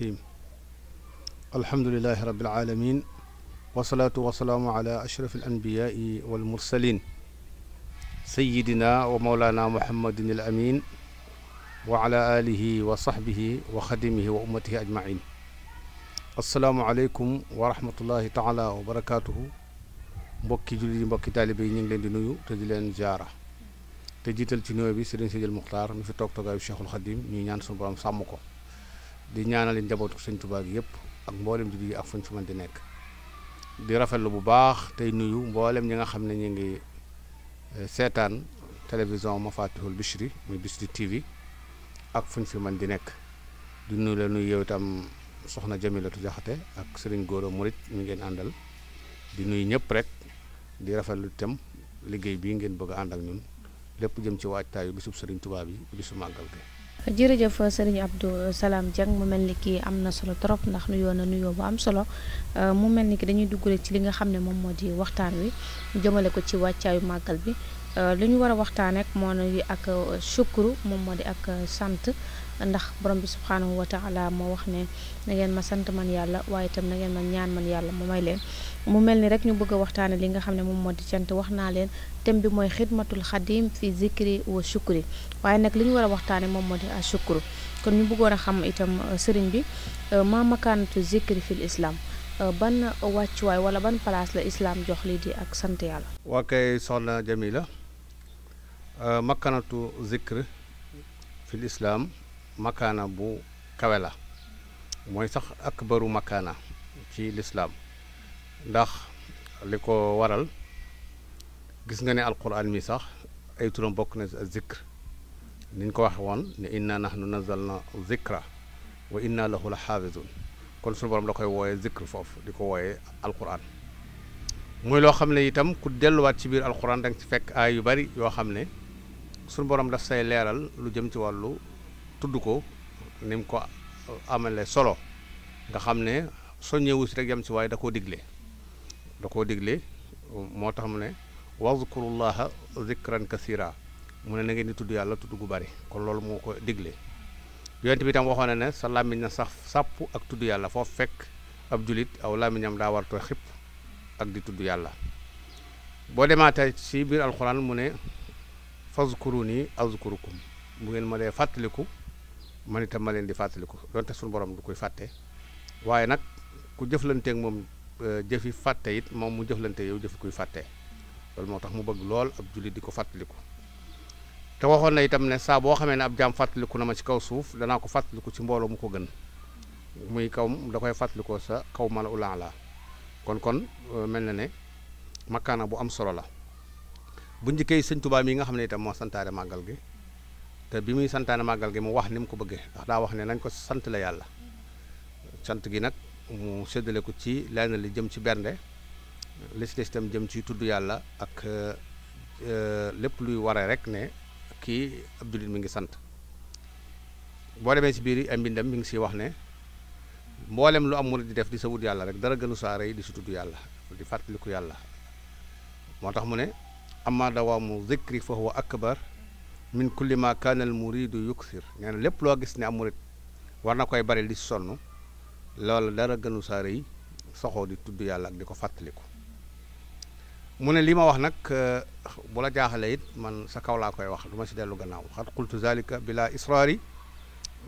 rahim alhamdulilahi rabil aalamiin wasalaatu wasalaamu ala ashraf al anbiyaai wal mursalin sayidina wa mawlaana muhammadin al amin wa ala alihi wa sahbihi wa xadimihi wa ummatihi ajmain asalaamualeykum wa rahmatullahi taala wa barakaatuhu mbokki jullit yi mbokki taalibe yi ñu ngi leen di nuyu te di leen jaara te jiital ci nuyoo bi sëriñ Sidil Muxtaar mi fi toog toogaayu Cheikhul Xadim ñuy ñaan suñu borom sàmm ko di ñaanal njabootu sëñ tubaab gi yëpp ak mbooleem jullit yi ak fuñ fi mën di nekk di rafet lu bu baax tey nuyu mbooleem ñi nga xam ne ñi ngi eh, seetaan télévision Mafatihul Bichri muy Bichri TV ak fuñ fi mën di nekk di nuyu la nuyu yow itam soxna Jamilatu Jaxate ak sëriñ Gora Murit ñu ngeen àndal di nuyu ñëpp rek di rafetlu itam liggéey bii ngeen bëgg a ànd ak ñun lépp jëm ci waajtaayu bisub Serigne Touba bi bisu màggal bi jërëjëf sëriñ Abdou salaam Dieng mu mel ni kii am na solo trop ndax nuyoo na nuyoo bu am solo mu mel ni ki dañuy dugg rek ci li nga xam ne moom moo di waxtaan wi jëmale ko ci wàccaayu màggal bi Euh, li ñu war a waxtaan rek moo di ak euh, shukru moom moo di ak euh, sant ndax borom bi subhaanahu wa taala moo wax ne na ngeen ma sant man yàlla waaye itam na ngeen ma ñaan man yàlla mu may leen mu mel ni rek ñu bëgg a waxtaane li nga xam ne moom moo di cant wax naa leen thème bi mooy xidmatul xadim fi zikri wa shukri waaye nag li ñu war a waxtaane moom moo di a shukru kon ñu bëggoon a xam itam sëriñ bi ma makaanatu zikri fi islaam ban wàccuwaay wala ban place la islaam jox li di ak sant yàlla waa kay Euh, makkanatu zikr fi lislaam makkaana bu kawe la mooy sax akbaru makkaana ci lislaam ndax li ko waral gis nga ne alquran mi sax ay turam bokk na zikr ni ñu ko waxe woon ne inna nahnu nazalna zikra wa inna lahu la xaafizun kon suñu borom da koy wooyee zikr foofu di ko wooyee alquran muy loo xam ne itam ku delluwaat ci biir alquran da nga ci fekk aay yu bari yoo xam ne suñu borom daf say leeral lu jëm ci wàllu tudd ko ni mu ko amale solo nga xam ne soññewu si rek yam si waaye da koo digle da koo digle moo tax mu ne wazkurullaha zikran kasira mu ne na ngeen di tudd yàlla tudd gu bari kon loolu moo ko digle yonent bi tam waxoon na sa làmmiñ na sax sàpp ak tudd yàlla foofu fekk ab julit aw làmmiñam daa wartoo xipp ak di tudd yàlla boo demaatee ci biir alxuraan mu ne fazkuruni azkurukum bu ngeen ma dee fàttaliku man itam ma leen di fàttaliku donte suñu borom du koy fàtte waaye nag ku jëflanteek moom euh, jëfi fàtte it moom mu jëflante yow jëfi kuy fàtte loolu moo tax mu bëgg lool ab jullit di ko fàttaliku te waxoon na itam ne saa boo xamee ne ab jaam fàttaliku na ma ci kaw suuf danaa ko fàttaliku ci mbooloo mu ko gën muy kaw da koy fàttalikoo sa kaw mala ulan la kon kon euh, mel na ne makkaana bu am solo la bu njëkkee sëñ Tuubaa mi nga xam ne itam moo santaane màggal gi te bi muy santaane màggal gi mu wax ni mu ko bëggee ndax daa wax ne nañ ko sant la yàlla sant gi nag mu séddale ko ci lenn li jëm ci bernde li si des itam jëm ci tudd yàlla ak e, lépp luy waree rek ne kii ab jullit mi ngi sant boo demee si biir yi ay mbindam mi ngi siy wax ne mboolem lu am murid di def di sa wut yàlla rek dara gënu saare yi di si tudd yàlla di fàttaliku yàlla moo tax mu ne amma dawaamu zikri fa huwa akbar min kulli ma kaana muridu yuksir nee lépp loo gis ne am murid war na koy bari di sonn loola dara gënu saa rëy soxoo di tudd yàlla ak di ko fàttaliku mu ne li ma wax nag bu la jaaxale it man sa kaw laa koy wax du ma si dellu gannaaw xat qultu zalika bila israari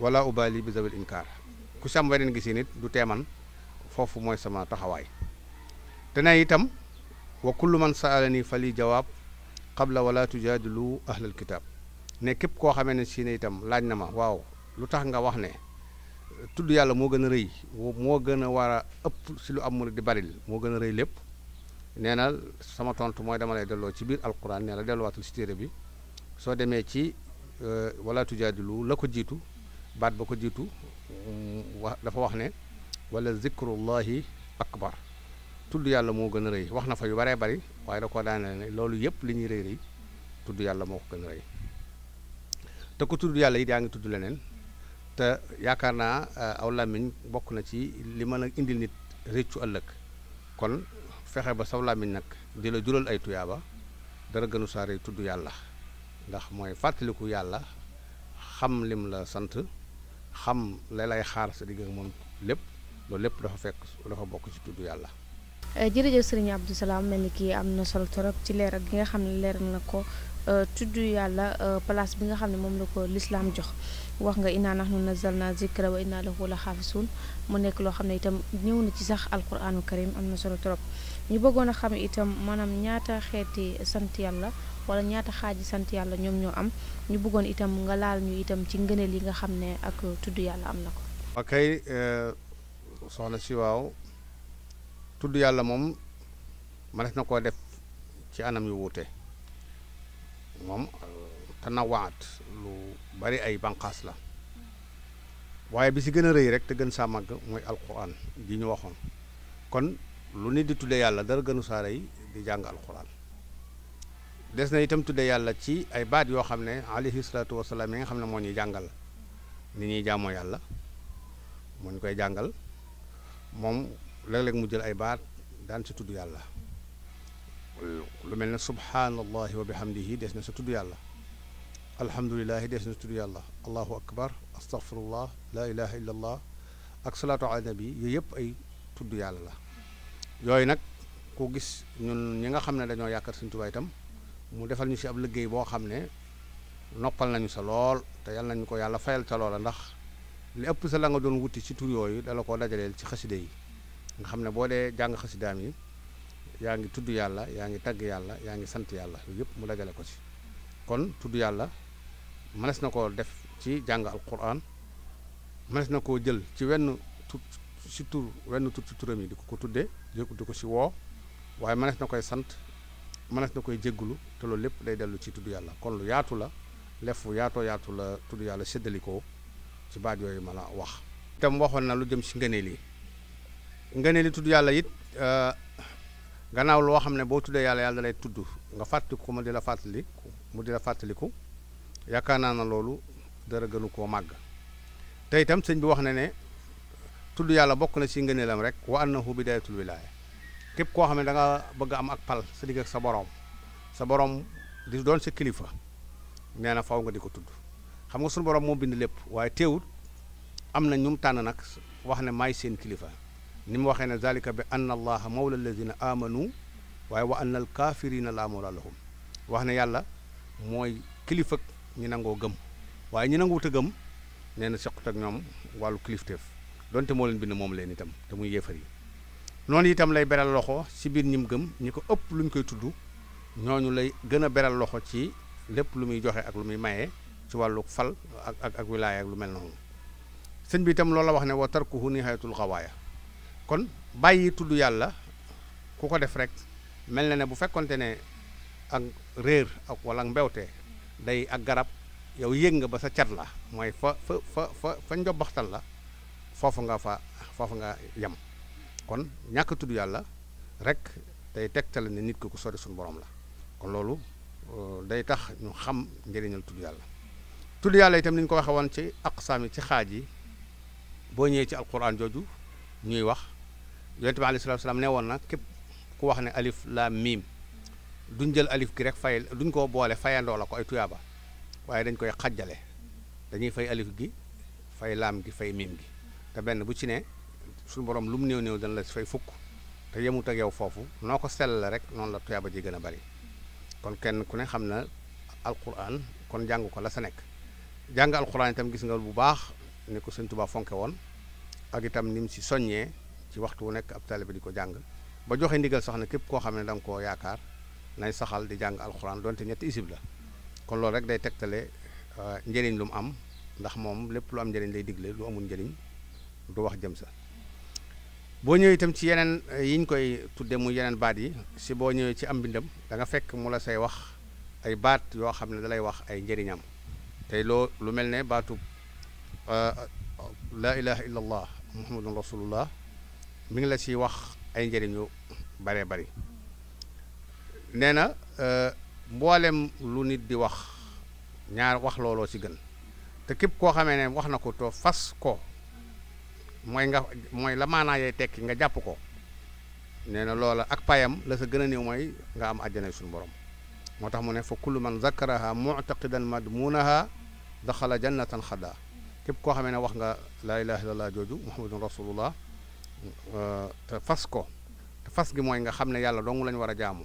wala ubali bi zawil ku si am weneen gisi nit du teeman foofu mooy sama taxawaay te ne itam wa kullu man saalani fali jawaab qabla wala tujaadilu ahlal kitaab ne képp koo xamee ne si itam laaj na ma waaw lu tax nga wax ne tudd yàlla moo gën a rëy moo gën a war a ëpp si lu am amul di baril moo gën a rëy lépp nee na sama tontu mooy dama lay delloo ci biir alquran nee la delluwaatul si téere bi soo demee ci euh, wala lu la ko jiitu baat ba ko jiitu wa dafa wax ne wala zikrullahi akbar tudd yàlla moo gën a rëy wax na fa yu baree bari waaye da koo daaneel ne loolu yëpp li ñuy rëy rëy tudd yàlla moo ko gën a rëy te ku tudd yàlla yi daa ngi tudd leneen te yaakaar naa euh, aw làmmiñ bokk na ci li mën a indi nit réccu ëllëg kon fexe ba saw làmmiñ nag di la jural ay tuyaaba dara gënu saa rëy tudd yàlla ndax mooy fàttaliku yàlla xam lim la sant xam la lay xaar sa digg ak moom lépp loolu lépp dafa fekk dafa bokk ci tudd yàlla Eh, jërëjëf sëriñ Abdou Salam mel ni kii am na solo torop ci leeral gi nga xam ne leeral na ko eh, tudd yàlla eh, place bi nga xam ne moom la ko lislaam jox wax nga na inna nahnu nazzalna zikra wa inna lahu la xaafisuun mu nekk loo xam ne itam ñëw na ci sax alquraanu karim am na solo trop ñu bëggoon a xam itam maanaam ñaata xeeti sant yàlla wala ñaata xaaji sant yàlla ñoom ñoo am ñu bëggoon itam nga laal ñu itam ci ngëne yi nga xam ne ak tudd yàlla am na ko. ok tudd yàlla moom mënees na koo def ci anam yu wuute moom tanawaat lu bari ay banqaas la waaye bi si gën a rëy rek te gën saa màgg mooy alquran ji ñu waxoon kon lu nit di tudde yàlla dara gënu saara yi di jàng alquran des na itam tuddee yàlla ci ay baat yoo xam ne alayhi salaatu wasalaam yi nga xam ne moo ñuy jàngal ni ñuy jàmmoo yàlla moo ñu koy jàngal moom léeg-léeg mu jël ay baat daan si tudd yàlla lu mel ne subhaanallahi wa bihamdihi des na si tudd yàlla alhamdulilahi des na si tudd yàlla allahu akbar astaghfirullah la ilaha illa allah ak salaatu ala nabi yooyu yëpp ay tudd yàlla la yooyu nag ku gis ñun ñi nga xam ne dañoo yaakaar Sëriñ Tuubaa itam mu defal ñu si ab liggéey boo xam ne noppal nañu sa lool te yàlla nañu ko yàlla fayal ca loola ndax li ëpp sa la nga doon wuti ci tur yooyu dala koo dajaleel ci xaside yi nga xam ne boo dee jàng xasidaam yi yaa ngi tudd yàlla yaa ngi tagg yàlla yaa ngi sant yàlla loolu yëpp mu dagale ko ci kon tudd yàlla mënees na ko def ci jàng alquran mënees na koo jël ci wenn tut si wenn tut ci turam yi di ko ko tuddee di ko si woo waaye mënees na koy sant mënees na koy jéggulu te loolu lépp day dellu ci tudd yàlla kon lu yaatu la lef lefu yaatoo yaatu la tudd yàlla séddalikoo ci baat yooyu ma la wax itam waxoon na lu jëm si ngëneel yi nga ne tudd yàlla it euh, gannaaw loo xam ne boo tuddee yàlla yàlla lay tudd nga fàttaliku ko mu di la mu di la fàttaliku yaakaar naa na loolu dara gënu koo màgg tey tam sëñ bi wax na ne tudd yàlla bokk na ci ngëneelam rek wa annahu bidayatul wilaaya képp koo xam ne danga bëgg am ak pal sa digg ak sa boroom sa boroom di doon sa kilifa nee na faw nga di ko tudd xam nga suñu borom moo bind lépp waaye teewut am na ñu tànn nag wax ne maay seen kilifa ni mu waxee ne zalika bi anna allaha mawla alladina amanu waaye wa anna al kafirina la mawla lahum wax ne yàlla mooy kilifa ñi nangoo gëm waaye ñi nanguwut a gëm nee na ak ñoom wàllu kilifteef donte moo leen bind moom leen itam te muy yéefar yi noonu itam lay beral loxo ci biir ñim gëm ñi ko ëpp lu ñu koy tudd ñooñu lay gën a beral loxo ci lépp lu muy joxe ak lu muy maye ci wàllu fal ak ak ak ak lu mel noonu sëñ bi itam loolu wax ne wa tarkuhu nihayatul xawaaya kon bàyyi tudd yàlla ku ko def rek mel na ne bu fekkonte ne ak réer ak ak mbewte day ak garab yow yéeg nga ba sa cat la mooy fa fa fa fa fa njobaxtal la foofu nga fa foofu nga yam kon ñàkk tudd yàlla rek day tegtale ne nit ki ku sori suñu borom la kon loolu euh, day tax ñu xam njëriñal tudd yàlla tudd yàlla itam ni ñu ko waxe woon ci aqsaam yi ci xaaj yi boo ñëwee ci alquran jooju ñuy wax yonent bi alayhi salaatu ne woon na képp ku wax ne alif laam miim duñ jël alif gi rek fay duñ ko boole fayandoo la ko ay tuyaaba waaye dañ koy xajale dañuy fay alif gi fay laam gi fay miim gi te benn bu ci ne suñu borom lu mu néew néew dana la fay fukk te yemut ak yow foofu noo ko sell la rek noonu la tuyaaba ji gën a bari kon kenn ku ne xam na alquran kon jàng ko la sa nekk jàng alquran itam gis nga bu baax ni ko sëñ Tuubaa fonke woon ak itam ni mu si soññee ci waxtu wu nekk ab taalibe di ko jàng ba joxe ndigal sax ne képp koo xam ne danga nga koo yaakaar nañ saxal di jàng alxuraan doonte ñetti isib la kon loolu rek day tegtale euh, njëriñ lu mu am ndax moom lépp lu am njëriñ lay digle lu amul njëriñ du wax jëm sax boo ñëwee itam ci yeneen euh, yiñ koy tudde mu yeneen baat yi si boo ñëwee ci am mbindam danga fekk mu la say wax ay baat yoo xam ne dalay wax ay njëriñam te loo lu mel ne baatu euh, la ilaha illallah mi ngi la ci wax ay njëriñ yu bare bari nee na euh, mboolem lu nit di wax ñaar wax looloo si gën te képp koo xamee ne wax na ko to fas ko mooy nga mooy la maanaa yee tekki nga jàpp ko nee na loola ak payam la sa gën a néew mooy nga am àjjana suñu borom moo tax mu ne fa kullu man mu zakaraha mutaqidan madmunaha daxala jannatan xadda képp koo xamee ne wax nga laa ilaha illallah jooju muhammadun rasulullah te fas ko te fas gi mooy nga xam ne yàlla dong lañ war a jaamu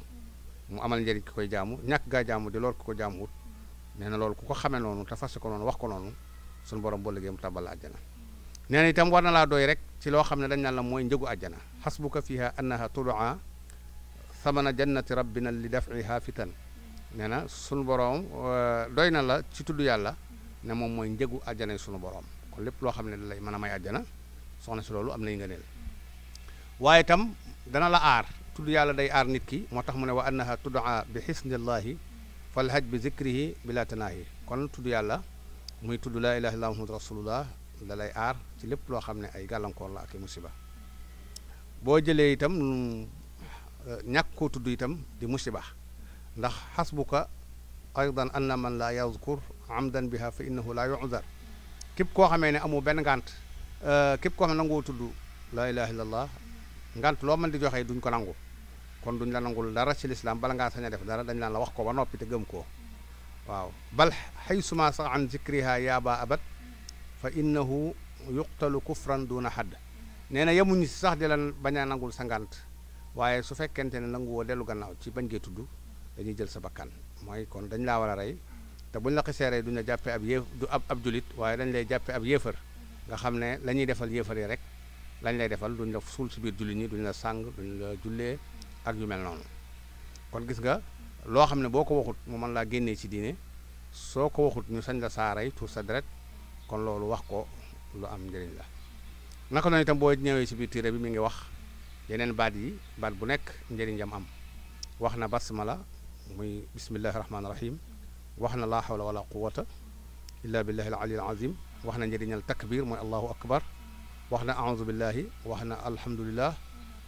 mu amal njëriñ ki koy jaamu ñàkk gaa jaamu di lool ku ko jaamuwut nee na loolu ku ko xamee noonu te fas ko noonu wax ko noonu su borom boo mu tàbbal la àjjana nee na itam war na laa doy rek ci loo xam ne dañ naan la mooy njëgu àjjana xasbuka fiha annaha tudaa samana jannati rabbina li dafiha fitan nee na sunu borom euh, doy na la ci tudd yàlla ne moom mooy njëgu àjjana sunu borom kon lépp loo xam ne da lay mën a may àjjana soxna si loolu am yi nga ngëneel waaye tam dana la aar tudd yàlla day aar nit ki moo tax mu ne wa annaha tudaa bi xisnillahi fal haj bi zikrihi bila tanaahi kon tudd yàlla muy tudd laa ilaha illa muhammadu rasulullah da lay aar ci lépp loo xam ne ay gàllankoor la ak i musiba boo jëlee itam ñàkk ko tudd itam di musiba ndax xasbuka aydan anna man la yazkur amdan biha fa innahu la yu'zar képp koo xamee ne amu benn ngànt eh, képp koo xam ne nangoo tudd laa ilaha illallah ngant loo man di joxee duñ ko nangu kon duñ la nangul dara ci lislaam bala ngaa sañ def dara dañ laan la wax ko ba noppi te gëm ko waaw bal xay suma sax an zikriha yaaba abad fa innahu yuqtalu kufran duna xadd nee na yemuñu si sax di la bañ a nangul sa ngant waaye su fekkente ne nangu woo dellu gannaaw ci bañ gee tudd dañuy jël sa bakkan mooy kon dañ laa war a rey te buñ la xisee rey duñ la jàppee ab yéef du ab ab julit waaye dañ lay jàppee ab yéefar nga xam ne la defal yéefar rek lañ lay defal duñ la suul si biir julli ñi duñ la sàng duñ la jullee ak yu mel noonu kon gis nga loo xam ne boo ko waxut mu man laa génnee ci diine soo ko waxut ñu sañ la saaray tuur sa deret kon loolu wax ko lu am njëriñ la naka noonu tam boo ñëwee ci biir téere bi mu ngi wax yeneen baat yi baat bu nekk njëriñ jam am wax na basmala muy bismillahi rahmaani rahim wax na laa hawla wala quwata illa billahi al ali al azim wax na njëriñal takbir mooy allahu wax na aouzu billahi wax na alhamdulilah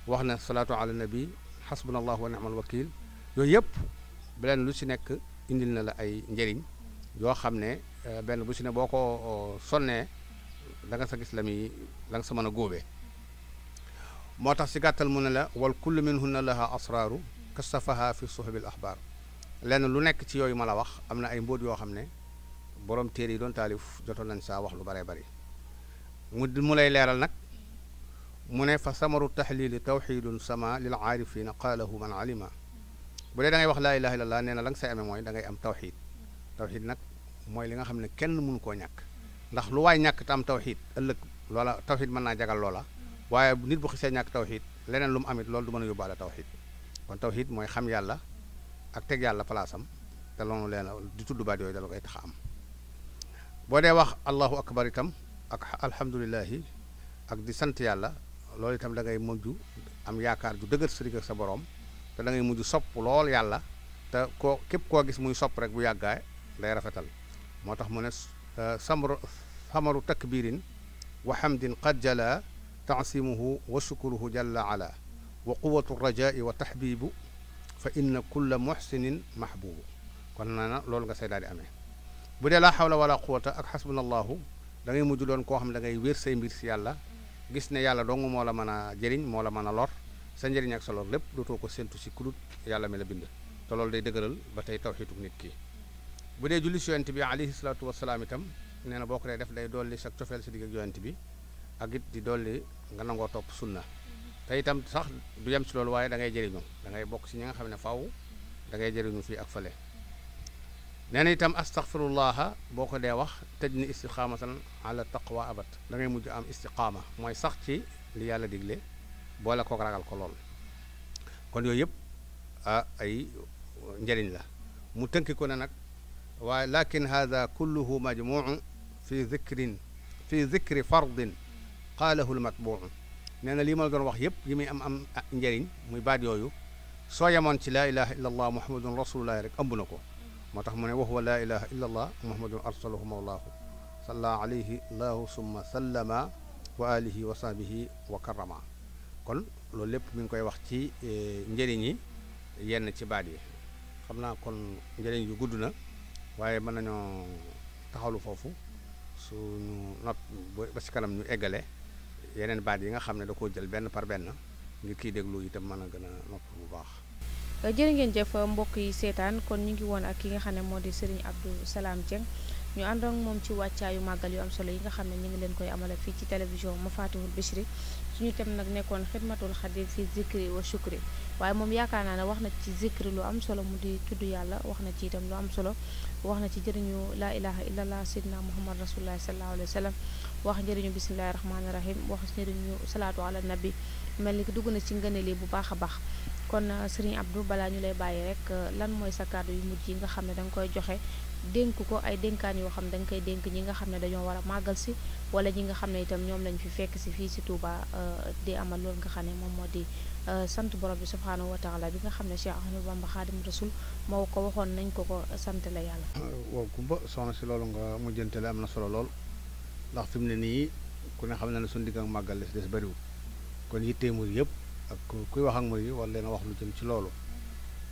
wax na salaatu ala nabi xasbunallahu wa ni'mal wakil yooyu yëpp benn lu ci nekk indil na la ay njëriñ yoo xam ne eh, benn bu ci ne boo ko sonnee danga sa gis la mi la nga sa mën a góobe moo tax si gàttal mu ne la wal kullu minhunna laha asraaru kastafaha fi suhubil axbaar lenn lu nekk ci yooyu ma la wax am na ay mbóot yoo xam ne borom téere yi doon taalif jotoon nañ saa wax lu baree bari mu mu lay leeral nag mu ne fa samaru taxliili tawxidun sama lil aarifina qaalahu man alima bu dee da ngay wax laa ilaha illallah nee na la nga say amee mooy da ngay am tawxid tawxid nag mooy li nga xam ne kenn mun koo ñàkk ndax lu waay ñàkk tam am tawxid ëllëg loola tawxid mën naa jagal loola waaye nit bu xisee ñàkk tawxid leneen lu mu amit loolu du mën a yóbbaale tawxid kon tawxid mooy xam yàlla ak teg yàlla palaasam te loolu leen di tudd baat dala koy tax a am boo dee wax allahu ak alhamdulilahi ak di sant yàlla loolu itam da ngay mujj am yaakaar ju dëgër sëriñ ak sa boroom te da ngay mujj sopp lool yàlla te koo képp koo gis muy sopp rek bu yàggaay day rafetal moo tax mu ne euh, samru samaru takbirin wa hamdin qad jala taasimuhu wa shukuruhu jalla ala wa quwatu rajai wa tahbibu fa inna kulla muhsinin mahbubu kon na na loolu nga say daal di bu dee laa xawla wala quwata ak xasbunallahu da ngay mujj doon koo xam da ngay wér say mbir si yàlla gis ne yàlla dong moo la mën a jëriñ moo la mën a lor sa njëriñ ak sa lor lépp dootoo ko séentu si kulut yàlla mel la bind te loolu day dëgëral ba tey tawxiidu nit ki bu dee julli si yonent bi alayhi salaatu wasalaam itam nee na boo ko dee def day dolli sa cofeel si digg ak yonent bi ak it di dolli nga nangoo topp sunna te itam sax du yem si loolu waaye da ngay jëriñu da ngay bokk si ñi nga xam ne faw da ngay jëriñu fii ak fale nee na itam astaghfirullaha boo ko dee wax tëj ni istiqaamatan ala taqwa abad da ngay mujj am istiqaama mooy sax ci li yàlla digle boola kook ragal ko lool kon yooyu yëpp ah ay njëriñ la mu tënki ko ne nag waaye lakin hada kulluhu majmuun fi zikrin fi zikri fardin qaalahu lmatbuu nee na lii ma la doon wax yëpp yi muy am am njëriñ muy baat yooyu soo yemoon ci laa ilaha illa allah muhammadun rasulullahi rek ëmb ko moo tax mu ne wax wa laa ilaha illa allah muhammadun arsalahu mawlaahu salla alayhi laahu summa sallama wa alihi wa sahbihi wa karama kon loolu lépp mi ngi koy wax ci e, njëriñ yi yenn ci baat yi xam naa kon njëriñ yu gudd na waaye mën nañoo taxalu foofu suñu nopp ba ci kanam ñu eggale yeneen baat yi nga xam ne da koo jël benn par benn ngir kiy déglu itam mën a gën a nopp bu baax jërë ngeen jëf mbokk yi seetaan kon ñu ngi woon ak ki nga xam ne moo di Serigne Abdou Salam Dieng ñu àndoon moom ci wàccaayu màggal yu am solo yi nga xam ne ñu ngi leen koy amala fii ci télévision Mafatihul Bichri suñu tem nag nekkoon xidmatul xadim fi zikri wa shukri waaye moom yaakaar naa ne wax na ci zikri lu am solo mu di tudd yàlla wax na ci itam lu am solo wax na ci jëriñu laa ilaha illallah sidna muhammad rasulullah sallallahu alayhi wa sallam wax njëriñu bisimilahi rahmaani rahim wax njëriñu salaatu ala nabi mel ni dugg na ci ngëneel yi bu baax a baax kon euh, sëriñ Abdou balaa ñu lay bàyyi rek euh, lan mooy sa kàddu yu mujj yi nga xam ne danga koy joxe dénk ko ay dénkaan yoo xam ne da koy dénk ñi nga xam ne dañoo war a màggal si wala ñi nga xam ne itam ñoom lañ fi fekk si fii si Touba euh, di amal loolu nga xam ne moom moo di sant borom bi subhaanahu wa taala bi nga xam ne Cheikh Ahmadou Bamba Xaadim Rasul moo ko waxoon nañ ko ko sant la yàlla. waaw Kumba soxna si loolu nga mujjante la am na solo lool ndax fi mu ne nii ku ne xam na ne suñu digg ak màggal la si des bëriwul kon yittee mu yëpp. ak kuy wax ak murid yi wala leen a wax lu jëm ci loolu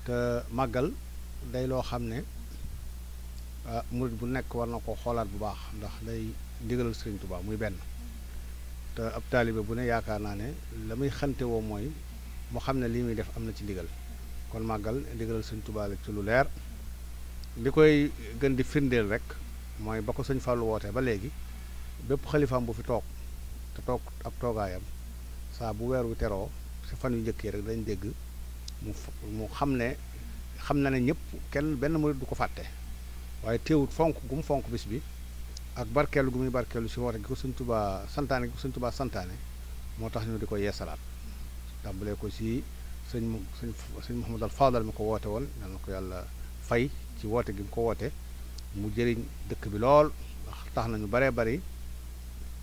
te màggal day loo xam ne ah, murid bu nekk war na ko xoolaat bu baax ndax day ndigalal Sëriñ Tuubaa muy benn te ab taalibe bu ne yaakaar naa ne la muy xante woo mooy mu xam ne lii muy def am na ci ndigal kon màggal digalal Sëriñ Tuubaa la ci lu leer li koy gën di firndeel rek mooy ba ko sëñ Fallou wootee ba léegi bépp xalifam bu fi toog te toog ab toogaayam saa bu weer wi teroo si fan yu njëkk yi rek dañ dégg mu mu xam ne xam na ne ñëpp kenn benn murid du ko fàtte waaye teewut fonk gu mu fonk bis bi ak barkeelu gu muy barkeelu si woote gi ko Sëñ Tuubaa santaane gi ko Sëñ Tuubaa santaane moo tax ñu di ko yeesalaat tàmbalee ko si sëñ sëñ sëñ Mouhamadou Fadal mi ko woote woon yal na ko yàlla fay ci woote gi mu ko woote mu jëriñ dëkk bi lool ndax tax nañu baree bari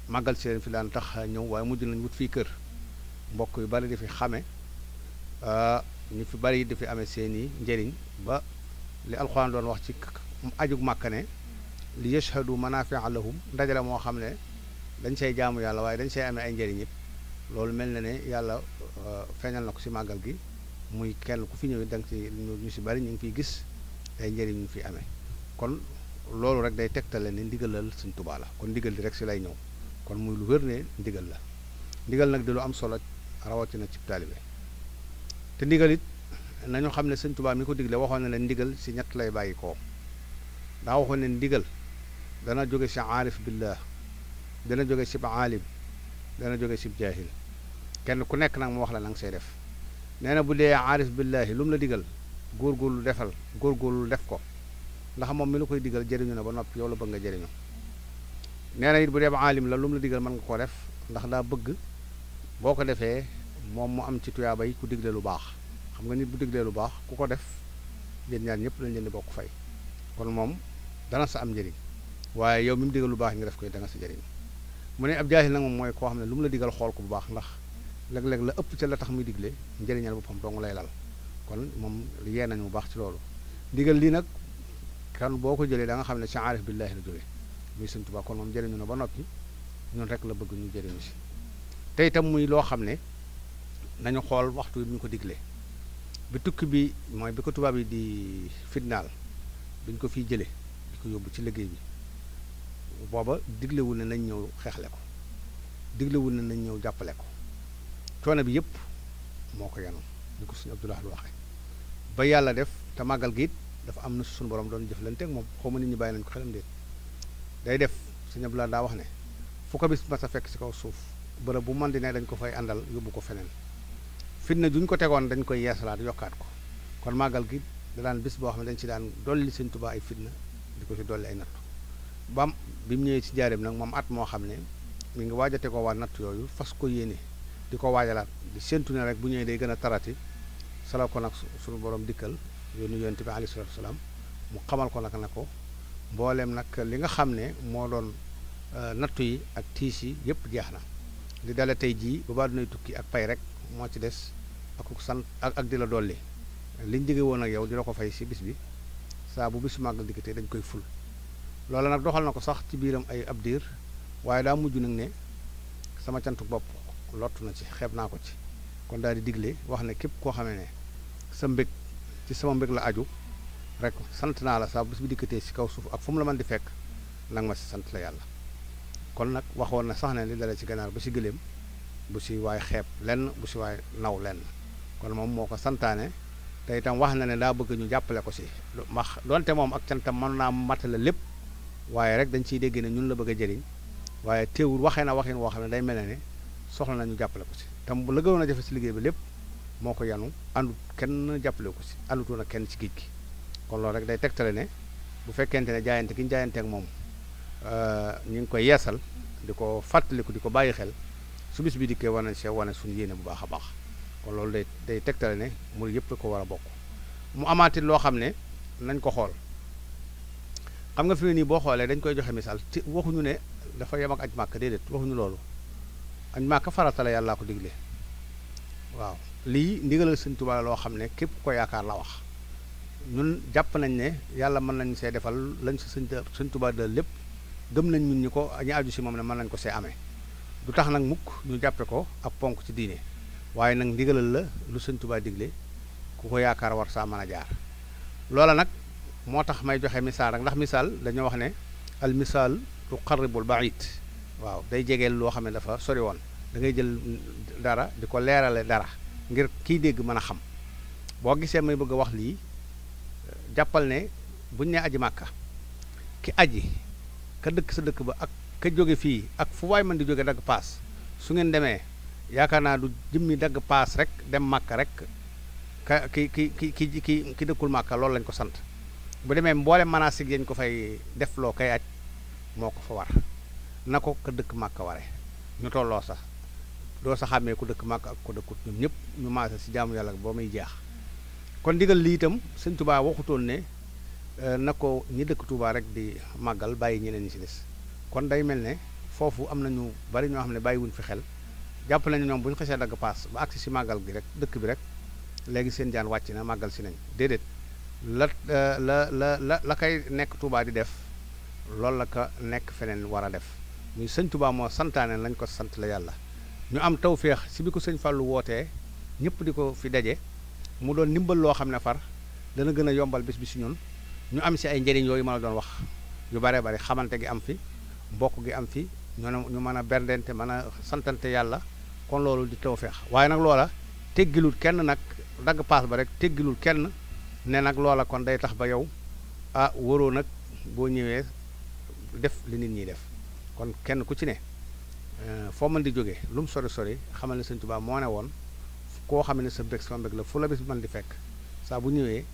màggal si leen fi daan tax ñëw waaye mujj nañu wut fii kër mbokk yu bari di fi xame ah, ñu fi bari di fi amee seeni njëriñ ba li alxuraan doon wax ci ajug màkk ne li yashhadu manafia lahum ndajale moo xam ne dañ say jaamu yàlla waaye dañ say amee ay njëriñ it loolu mel na ne yàlla ah, feeñal na ko si màggal gi muy kenn ku fi ñëw danga ci ñu si bari ñu ngi fiy gis ay njëriñ ñu fi amee kon loolu rek day tegtale ne ndigalal Sëñ Tuubaa la kon ndigal di rek si lay ñëw kon muy lu wér ne ndigal la ndigal nag di lu am solo rawatina ci taalibe te ndigal nañu xam ne sëñ Tuubaa mi ko digle waxoon na leen ndigal si ñett lay bàyyi koo daa waxoon ne ndigal dana jóge si aarif billah dana jóge si aalim dana jóge si jaahil kenn ku nekk nag mu wax la nang say def nee na bu dee aarif billahi lu mu la digal góor góorgóorlu defal góor góorgóorlu def ko ndax moom mi la koy digal jëriñu na ba noppi yow la bëgg nga jëriñu nee na it bu dee aalim la lu la digal mën nga koo def ndax daa bëgg boo ko defee moom mu am ci tuyaaba yi ku digle lu baax xam nga nit bu diglee lu baax ku ko def yéen ñaar ñëpp lañ leen di bokk fay kon moom dana sa am njëriñ waaye yow mi mu digal lu baax nga def koy dana si njëriñ mu ne ab jaahil nag moom mooy koo xam ne lu la digal xool ko bu baax ndax léeg la ëpp ca la tax muy digle njëriñal boppam dong lay lal kon moom yee nañu bu baax ci loolu digal lii nag kan boo ko jëlee danga xam ne ci aarif billaahi la jógee muy Sëñ Tuubaa kon moom jëriñu na ba noppi ñun rek la bëgg ñu jëriñu si te itam muy loo xam ne nañu xool waxtu bi ñu ko diglee bi tukki bi mooy bi ko tubaab yi di fitnaal duñ ko fii jëlee di ko yóbbu ci liggéey bi booba diglewul ne nañ ñëw xeexle ko diglewul ne nañ ñëw jàppale ko coono bi yëpp moo ko yanoon ñu ko suñ Abdoulaye lu waxee ba yàlla def te màggal gi dafa am na suñu borom doon jëflante teeg moom xaw ma nit ñi bàyyi nañ ko xelam déet day def suñu Abdoulaye daa wax ne fu ko bis mas fekk si kaw suuf bërëb bu man di ne dañ ko fay àndal yóbbu ko feneen fitna juñ ko tegoon dañ koy yeesalaat yokkaat ko kon màggal gi da daan bis boo xam ne dañ ci daan dolli Sëñ Tuubaa ay fitna di ko ci dolli ay nattu bam bi mu ñëwee ci jaareem nag moom at moo xam ne mi ngi waaj a tegoo waa natt yooyu fas ko di ko waajalaat di séntu ne rek bu ñëwee day gën a tarati sala ko nag suñu boroom dikkal yónni yonent bi alayhi salaatu salaam mu xamal ko nag na ko mbooleem nag li nga xam ne moo doon euh, nattu yi ak tiis yi yëpp jeex na li dale tey jii bu baax dinay tukki ak pay rek moo ci des ak sant ak ak di la dolli liñ jóge woon ak yow di la ko fay si bis bi saa bu bisu màggal dikkatee dañ koy ful loola nag doxal na ko sax ci biiram ay ab diir waaye daa mujj nag ne sama cantu bopp lott na ci xeeb naa ko ci kon daal di digle wax ne képp koo xamee ne sa mbëg ci sama mbëg la aju rek sant naa la saa bu bis bi dikkatee si kaw suuf ak fu mu la mën di fekk nag ma si sant la yàlla kon nag waxoon na sax na li dalee ci ganaar ba ci gëléem bu ci waay xeeb lenn bu ci waay naw lenn kon moom moo ko santaane tey itam wax na ne daa bëgg ñu jàppale ko ci wax donte moom ak cantam mën naa la lépp waaye rek dañ ciy dégg ne ñun la bëgg a jëriñ waaye teewul waxee na waxin woo xam ne day mel ne soxla nañu jàppale ko ci tam bu la gënoon a jafe ci liggéey bi lépp moo ko yanu àndut kenn jàppale ko ci àndutoon ak kenn ci géej gi kon loolu rek day tegtale ne bu fekkente ne jaayante gi ñu jaayanteeg moom Euh, ñu ngi koy yeesal di ko fàttaliku di ko bàyyi xel su bis bi dikkee war nañ see wane suñu yéene bu baax a baax kon loolu day day tegtale ne mu yëpp ko war a bokk mu amaatit loo xam ne nañ ko xool xam nga fi nii boo xoolee dañ koy joxe misaal ci waxuñu ne dafa yem ak aj màkk déedéet waxuñu loolu aj màkk farata la yàllaa ko digle waaw lii ndigalal sëñ Tuubaa loo xam ne képp ko yaakaar la wax ñun jàpp nañ ne yàlla mën nañ see defal lañ si sëñ Tuubaa dal lépp gëm nañ ñun ñi ko ñu aju si moom ne mën nañ ko see amee du tax nag mukk ñu jàppe ko ab ponk ci diine waaye nag ndigalal la lu sëñ Tuubaa digle ku ko yaakaar war saa mën a jaar loola nag moo tax may joxe misaal rek ndax misaal dañoo wax ne al misaal tuqarribul baid waaw day jegeel loo xam ne dafa sori woon da ngay jël dara di ko leerale dara ngir kiy dégg mën a xam boo gisee may bëgg a wax lii jàppal ne buñ ne aji màkka ki aji ka dëkk sa dëkk ba ak ka jóge fii ak fu waay mën di jóge dagg paas su ngeen demee yaakaar naa du jëmmi dagg paas rek dem màkk rek ka ki ki ki ki ki dëkkul màkka loolu lañ ko sant bu demee mboole manasik yañ ko fay def loo kay aj moo ko fa war na ko ka dëkk màkk ware ñu tolloo sax doo sa xàmmee ku dëkk màkk ak ko dëkkut ñoom ñëpp ñu maase si jaamu yàlla boo muy jeex kon digal lii itam sëñ Tuubaa waxutoon ne Euh, na ko ñi dëkk Touba rek di màggal bàyyi ñeneen ñi ci des kon day mel ne foofu am na ñu bari ñoo xam ne bàyyiwuñ fi xel jàpp nañu ñoom bu ñu xesee dagg paas ba agsi si màggal bi rek dëkk bi rek léegi seen jaan wàcc na màggal si nañ déedéet la euh, la la la la kay nekk Touba di def loolu la ko nekk feneen war a def muy sëñ Touba moo santaane lañ ko sant la yàlla ñu am tawféex si bi ko sëñ Fallou wootee ñëpp di ko fi daje mu doon ndimbal loo xam ne far dana gën a yombal bis bi si ñun ñu am si ay njëriñ yooyu ma la doon wax yu bare bare xamante gi am fi mbokk gi am fi ñu ñu mën a berdente mën a santante yàlla kon loolu di tawfeex waaye nag loola teggilul kenn nag dagg paas ba rek teggilul kenn ne nag loola kon day tax ba yow ah waroo nag boo ñëwee def li nit ñiy def kon kenn ku ci ne eh, foo mën di jógee lu mu sori sori xamal ne Sëñ Tuubaa moo ne woon koo xam ne sa bég sama bég la fu la bis mën di fekk saa bu ñëwee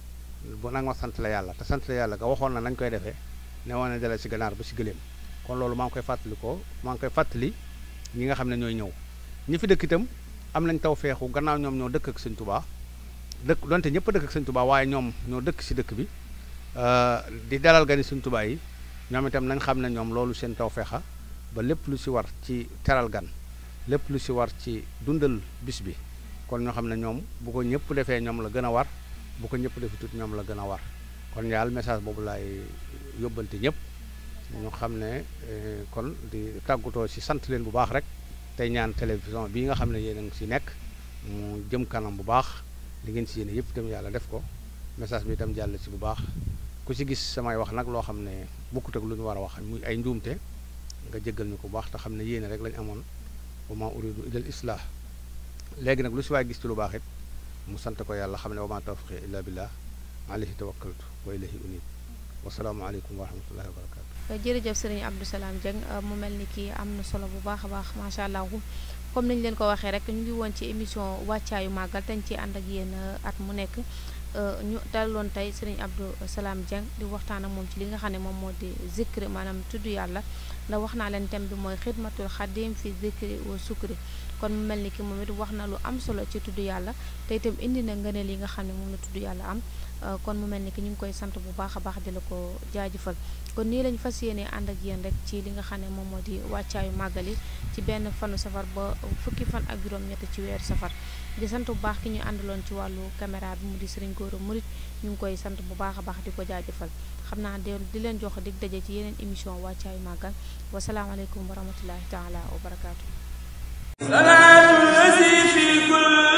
bu nag ma sant la yàlla te sant la yàlla nga waxoon na nañ koy defee ne woon na dala si ganaar ba si gëléem kon loolu maa ngi koy fàttali ko maa ngi koy fàttali ñi nga xam ne ñooy ñëw ñi fi dëkk itam am nañ taw feexu gannaaw ñoom ñoo dëkk ak sëñ tubaa dëkk donte ñëpp dëkk ak sëñ tubaa waaye ñoom ñoo dëkk si dëkk bi euh, di dalal gani sëñ yi ñoom itam xam ne ñoom loolu seen taw feexa ba lépp lu si war ci teral gan lépp lu si war ci dundal bis bi kon ñoo xam ne ñoom bu ko ñëpp defee ñoom la gën a war bu ko ñëpp defi tut ñoom la gën a war kon yàlla message boobu laay yóbbante ñëpp ñu xam ne eh, kon di tàggutoo ci sant leen bu baax rek tey ñaan télévision bii nga xam ne yéen a ngi ci nekk mu jëm kanam bu baax li ngeen ci yéene yëpp itam yàlla def ko message bi itam jàll ci bu baax ku ci gis samay wax nag loo xam ne bokkut ak lu ñu war a wax muy ay njuumte nga jéggal ñu ko bu baax te xam ne yéene rek lañ amoon wa ma uridu ilal islah léegi nag lu ci waay gis ci lu baax mu sant ko yàlla xam ne wa maa tawfiqi illa billah alayhi tawakkaltu wa ilayhi unib wasalaamaaleykum wa rahmatullahi wa barakatu euh, jërëjëf sëriñ Abdou Salam Dieng euh, mu mel ni kii am na solo bu baax a baax macha allah comme nañu leen ko waxee rek ñu ngi woon ci émission wàccaayu màggal te ñu ci ànd ak yéen euh, at mu nekk ñu daloon tey sëriñ Abdou salaam Dieng di waxtaan ak moom ci li nga xam ne moom moo di zikri maanaam tudd yàlla nda wax naa leen thème bi mooy xidmatul xadim fi zikri wa sukri kon mu mel ni ki moom it wax na lu am solo ci tudd yàlla te itam indi na ngëneel yi nga xam ne moom la tudd yàlla am euh, kon mu mel ni ki ñu ngi koy sant bu baax a baax di la jaajëfal kon nii lañ fas yéenee ànd ak yéen rek ci li nga xam ne moom moo di wàccaayu màggal yi ci benn fanu safar ba fukki fan ak juróom-ñett ci weeru safar di sant bu baax ki ñu àndaloon ci wàllu caméra bi mu di Serigne Gora Murit ñu ngi koy sant bu baax a baax di ko jaajëfal xam naa di leen jox dig daje ci yeneen émission wàccaayu màggal wasalaamaaleykum wa rahmatullahi taala wa barakaatu. salaam